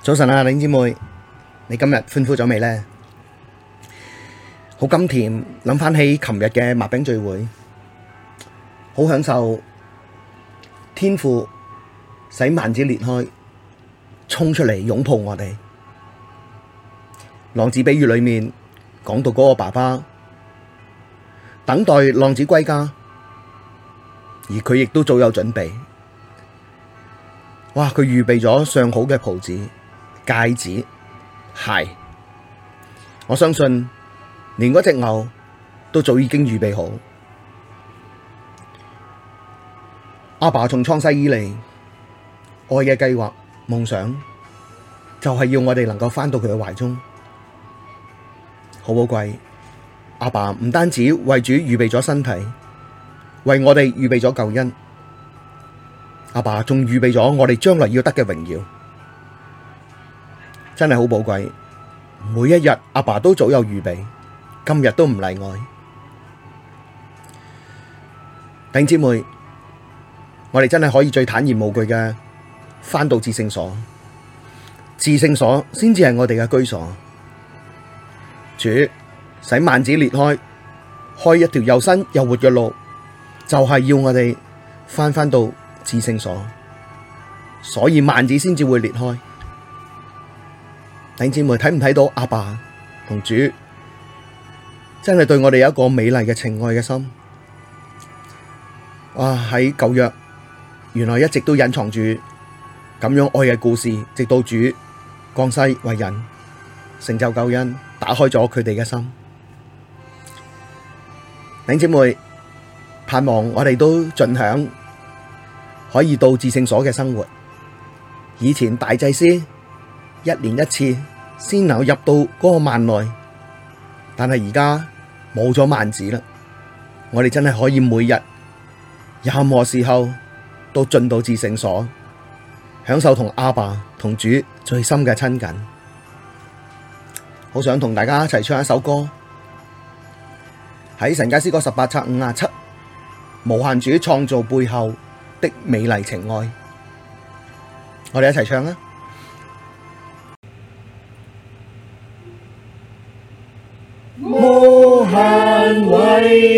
早晨啊，玲姊妹，你今日歡呼咗未呢？好甘甜，諗翻起琴日嘅麥餅聚會，好享受。天父使幔子裂開，衝出嚟擁抱我哋。浪子比喻裏面講到嗰個爸爸，等待浪子歸家，而佢亦都早有準備。哇，佢預備咗上好嘅袍子。戒指、鞋，我相信連嗰隻牛都早已經預備好。阿爸從創世以嚟，愛嘅計劃、夢想，就係要我哋能夠返到佢嘅懷中，好寶貴。阿爸唔單止為主預備咗身體，為我哋預備咗救恩，阿爸仲預備咗我哋將來要得嘅榮耀。真係好寶貴，每一日阿爸都早有預備，今日都唔例外。弟兄姊妹，我哋真係可以最坦然無懼嘅返到至聖所，至聖所先至係我哋嘅居所。主使幔子裂開，開一條又新又活嘅路，就係要我哋返返到至聖所，所以幔子先至會裂開。弟兄姊妹，睇唔睇到阿爸同主真係對我哋有一個美麗嘅情愛嘅心啊！喺舊約原來一直都隱藏住咁樣愛嘅故事，直到主降世為人，成就救恩，打開咗佢哋嘅心。弟兄姊妹，盼望我哋都盡享可以到至聖所嘅生活。以前大祭司一年一次先能夠入到嗰個幔內，但係而家冇咗幔子啦。我哋真係可以每日，任何時候都進到至聖所，享受同阿爸同主最深嘅親近。好想同大家一齊唱一首歌，喺《神家詩歌》十八冊五十七，無限主創造背後的美麗情愛，我哋一齊唱啊！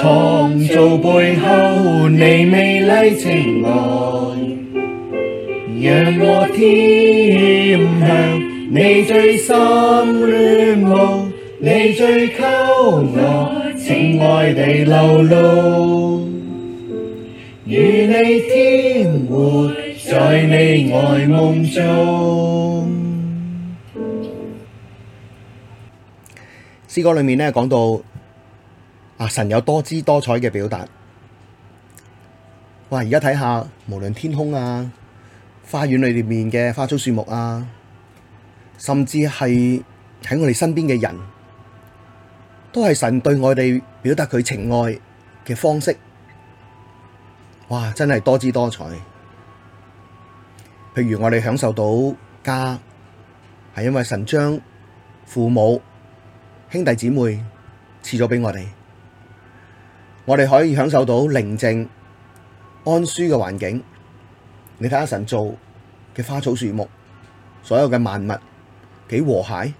創造背後你美麗情愛，讓我甜享，你最深戀慕，你最勾我情愛地流露，與你甜活在你愛夢中。詩歌裏面呢講到。啊！神有多姿多彩嘅表達，哇！而家睇下，無論天空啊、花園裏面嘅花草樹木啊，甚至係喺我哋身邊嘅人，都係神對我哋表達佢情愛嘅方式。哇！真係多姿多彩。譬如我哋享受到家，係因為神將父母、兄弟姊妹賜咗畀我哋。我哋可以享受到寧靜安舒嘅環境，你睇下神造嘅花草樹木，所有嘅萬物幾和諧，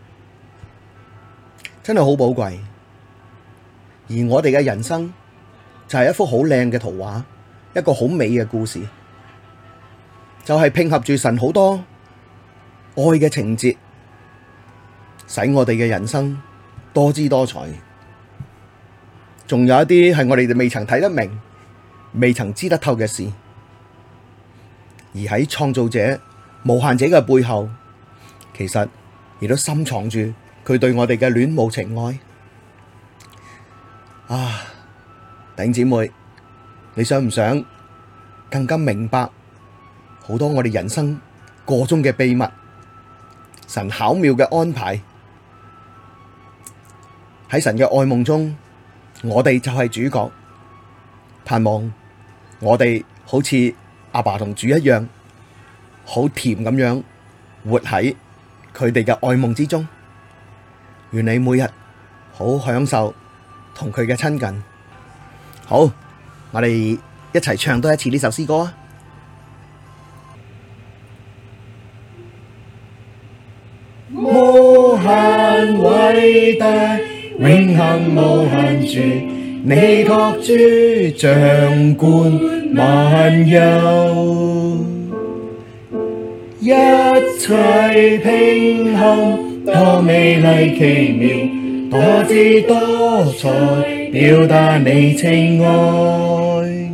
真係好寶貴。而我哋嘅人生就係一幅好靚嘅圖畫，一個好美嘅故事，就係、是、拼合住神好多愛嘅情節，使我哋嘅人生多姿多彩。仲有一啲係我哋未曾睇得明、未曾知得透嘅事，而喺創造者、無限者嘅背後，其實亦都深藏住佢對我哋嘅戀慕情愛。啊，弟兄姊妹，你想唔想更加明白好多我哋人生個中嘅秘密？神巧妙嘅安排，喺神嘅愛夢中。我哋就係主角，盼望我哋好似阿爸同主一樣，好甜咁樣活喺佢哋嘅愛夢之中，願你每日好享受同佢嘅親近。好，我哋一齊唱多一次呢首詩歌啊！無限偉大。永恒無限主，你托住掌管萬有，一切併合多美麗奇妙，多姿多彩表達你,你,你情愛，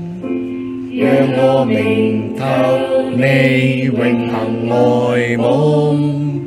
讓我明透你永恒愛夢。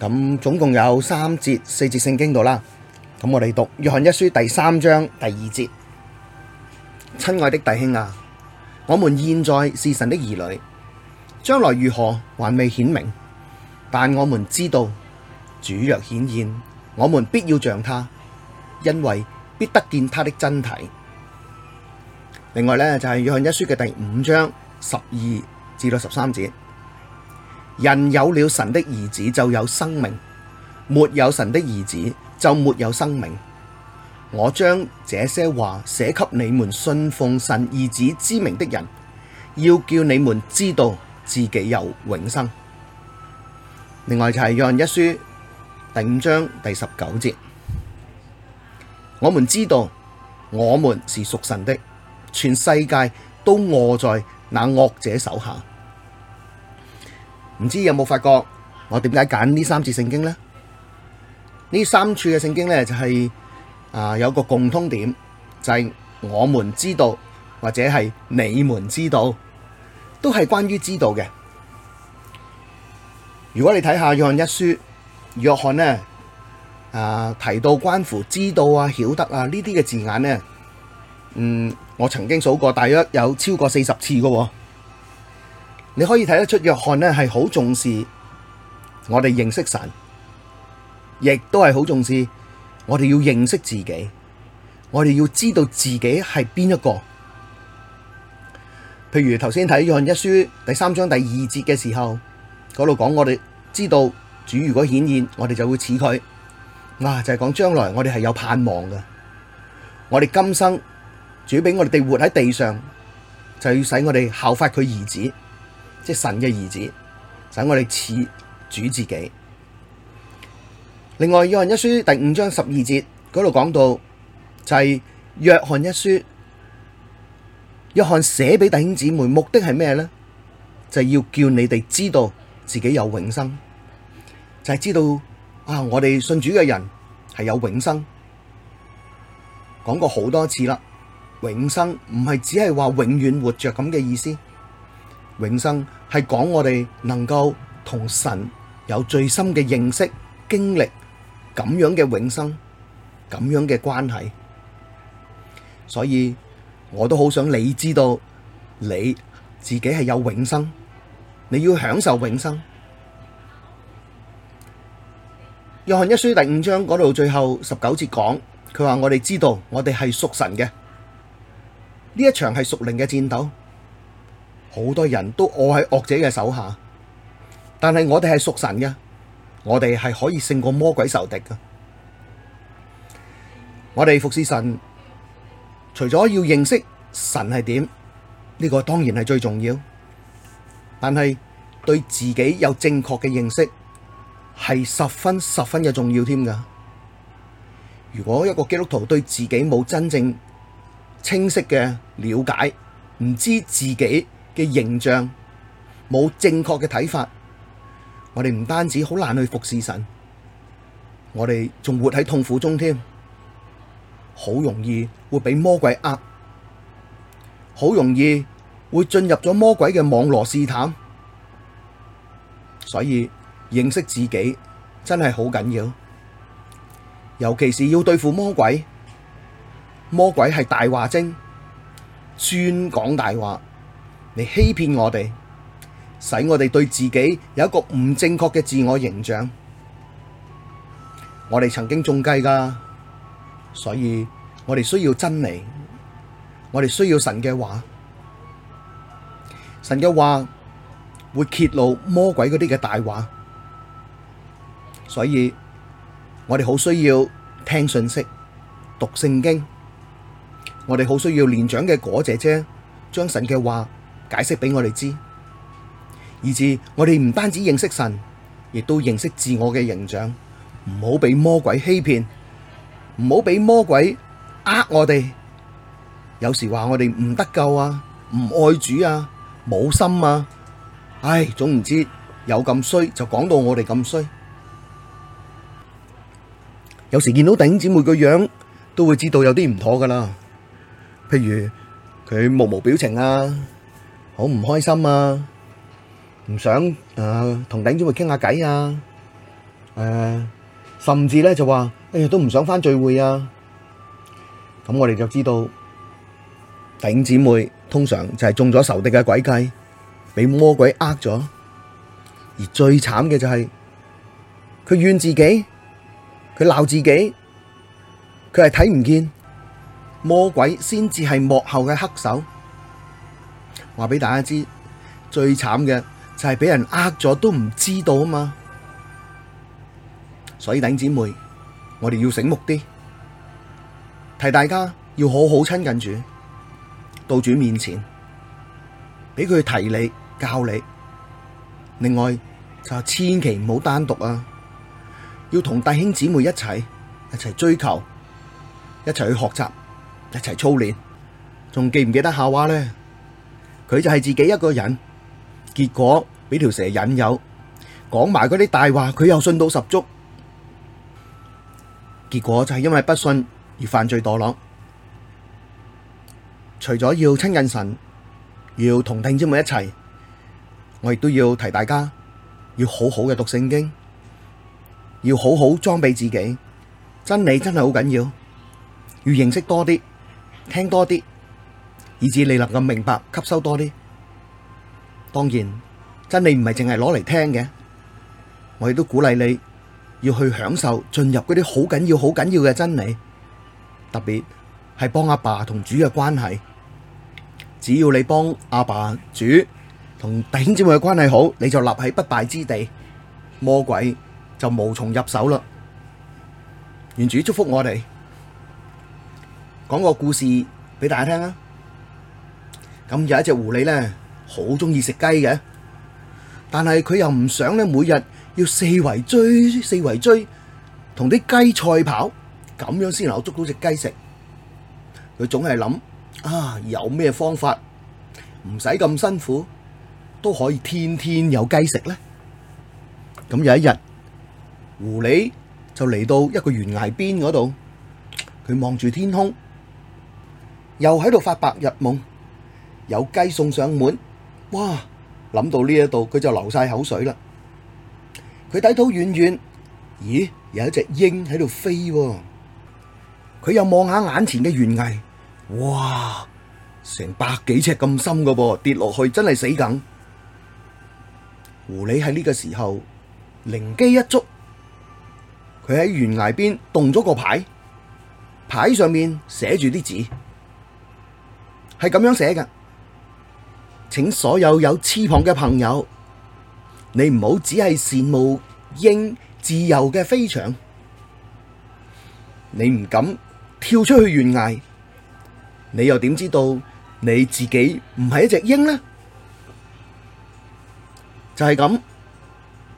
咁總共有三節、四節聖經度啦。咁我哋讀《約翰一書》第三章第二節：親愛的弟兄啊，我們現在是神的兒女，將來如何還未顯明，但我們知道主若顯現，我們必要像他，因為必得見他的真體。另外呢，就係、是《約翰一書》嘅第五章十二至到十三節。人有了神的兒子就有生命，沒有神的兒子就沒有生命。我將這些話寫給你們信奉神兒子之名的人，要叫你們知道自己有永生。另外就係約翰一書第五章第十九節，我們知道我們是屬神的，全世界都臥在那惡者手下。唔知有冇發覺我點解揀呢三節聖經呢？呢三處嘅聖經呢，就係啊有一個共通點，就係、是、我們知道或者係你們知道，都係關於知道嘅。如果你睇下約翰一書，約翰呢啊提到關乎知道啊、曉得啊呢啲嘅字眼呢，嗯，我曾經數過大約有超過四十次嘅、哦。你可以睇得出，約翰咧係好重視我哋認識神，亦都係好重視我哋要認識自己，我哋要知道自己係邊一個。譬如頭先睇約翰一書第三章第二節嘅時候，嗰度講我哋知道主如果顯現，我哋就會似佢。哇、啊，就係、是、講將來我哋係有盼望嘅。我哋今生主俾我哋哋活喺地上，就要使我哋效法佢兒子。即係神嘅兒子，使、就是、我哋似主自己。另外，約翰一書第五章十二節嗰度講到，就係、是、約翰一書，約翰寫俾弟兄姊妹，目的係咩咧？就係、是、要叫你哋知道自己有永生，就係、是、知道啊！我哋信主嘅人係有永生。講過好多次啦，永生唔係只係話永遠活着咁嘅意思。永生係講我哋能夠同神有最深嘅認識、經歷，咁樣嘅永生，咁樣嘅關係。所以我都好想你知道你自己係有永生，你要享受永生。約翰一書第五章嗰度最後十九節講，佢話我哋知道我哋係屬神嘅，呢一場係屬靈嘅戰鬥。好多人都臥喺惡者嘅手下，但係我哋係屬神嘅，我哋係可以勝過魔鬼仇敵嘅。我哋服侍神，除咗要認識神係點，呢、這個當然係最重要。但係對自己有正確嘅認識，係十分十分嘅重要添㗎。如果一個基督徒對自己冇真正清晰嘅了解，唔知自己。嘅形象冇正確嘅睇法，我哋唔單止好難去服侍神，我哋仲活喺痛苦中添，好容易會俾魔鬼呃，好容易會進入咗魔鬼嘅網羅試探，所以認識自己真係好緊要，尤其是要對付魔鬼，魔鬼係大話精，專講大話。嚟欺騙我哋，使我哋對自己有一個唔正確嘅自我形象。我哋曾經中計噶，所以我哋需要真理，我哋需要神嘅話。神嘅話會揭露魔鬼嗰啲嘅大話，所以我哋好需要聽信息、讀聖經。我哋好需要年長嘅果姐姐將神嘅話，解釋俾我哋知，以至我哋唔單止認識神，亦都認識自我嘅形象。唔好俾魔鬼欺騙，唔好俾魔鬼呃我哋。有時話我哋唔得救啊，唔愛主啊，冇心啊。唉、哎，總唔知有咁衰就講到我哋咁衰。有時見到弟兄姊妹個樣，都會知道有啲唔妥㗎喇。譬如佢目無，無表情啊。好唔開心啊！唔想誒同弟兄姊妹傾下偈啊！誒，甚至咧就話哎呀都唔想返聚會啊！咁我哋就知道弟兄姊妹通常就係中咗仇敵嘅詭計，俾魔鬼呃咗。而最慘嘅就係佢怨自己，佢鬧自己，佢係睇唔見魔鬼先至係幕後嘅黑手。話俾大家知，最慘嘅就係俾人呃咗都唔知道啊嘛，所以弟兄姊妹，我哋要醒目啲，提大家要好好親近主，到主面前，俾佢提你、教你。另外就千祈唔好單獨啊，要同弟兄姊妹一齊，一齊追求，一齊去學習，一齊操練。仲記唔記得夏娃咧？佢就係自己一個人，結果俾條蛇引誘，講埋嗰啲大話，佢又信到十足，結果就係因為不信而犯罪墮落。除咗要親近神，要同弟兄姊妹一齊，我亦都要提大家，要好好嘅讀聖經，要好好裝備自己，真理真係好緊要，要認識多啲，聽多啲。以致你能夠明白吸收多啲，當然真理唔係淨係攞嚟聽嘅，我亦都鼓勵你要去享受進入嗰啲好緊要、好緊要嘅真理，特別係幫阿爸同主嘅關係。只要你幫阿爸、主同弟兄姊妹嘅關係好，你就立喺不敗之地，魔鬼就無從入手啦。願主祝福我哋，講個故事俾大家聽啊！咁有一隻狐狸咧，好中意食雞嘅，但係佢又唔想咧每日要四圍追四圍追，同啲雞賽跑，咁樣先能夠捉到隻雞食。佢總係諗啊，有咩方法唔使咁辛苦，都可以天天有雞食咧。咁有一日，狐狸就嚟到一個懸崖邊嗰度，佢望住天空，又喺度發白日夢。有雞送上門，哇！諗到呢一度，佢就流晒口水啦。佢睇到遠遠，咦？有一隻鷹喺度飛，佢又望下眼前嘅懸崖，哇！成百幾尺咁深㗎喎，跌落去真係死梗。狐狸喺呢個時候靈機一觸，佢喺懸崖邊動咗個牌，牌上面寫住啲字，係咁樣寫㗎。請所有有翅膀嘅朋友，你唔好只係羨慕鷹自由嘅飛翔，你唔敢跳出去懸崖，你又點知道你自己唔係一隻鷹呢？就係咁，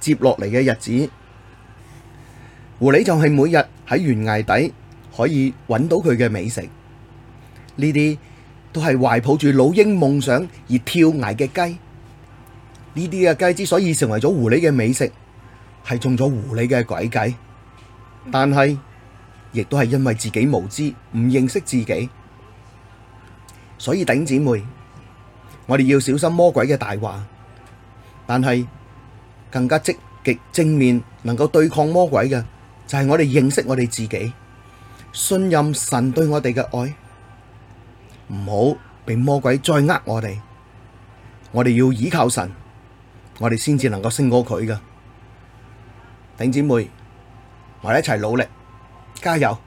接落嚟嘅日子，狐狸就係每日喺懸崖底可以搵到佢嘅美食呢啲。都係懷抱住老鷹夢想而跳崖嘅雞，呢啲嘅雞之所以成為咗狐狸嘅美食，係中咗狐狸嘅詭計，但係亦都係因為自己無知唔認識自己，所以頂姊妹，我哋要小心魔鬼嘅大話，但係更加積極正面能夠對抗魔鬼嘅，就係我哋認識我哋自己，信任神對我哋嘅愛。唔好畀魔鬼再呃我哋，我哋要倚靠神，我哋先至能夠勝過佢㗎。弟姐妹，我哋一齊努力，加油！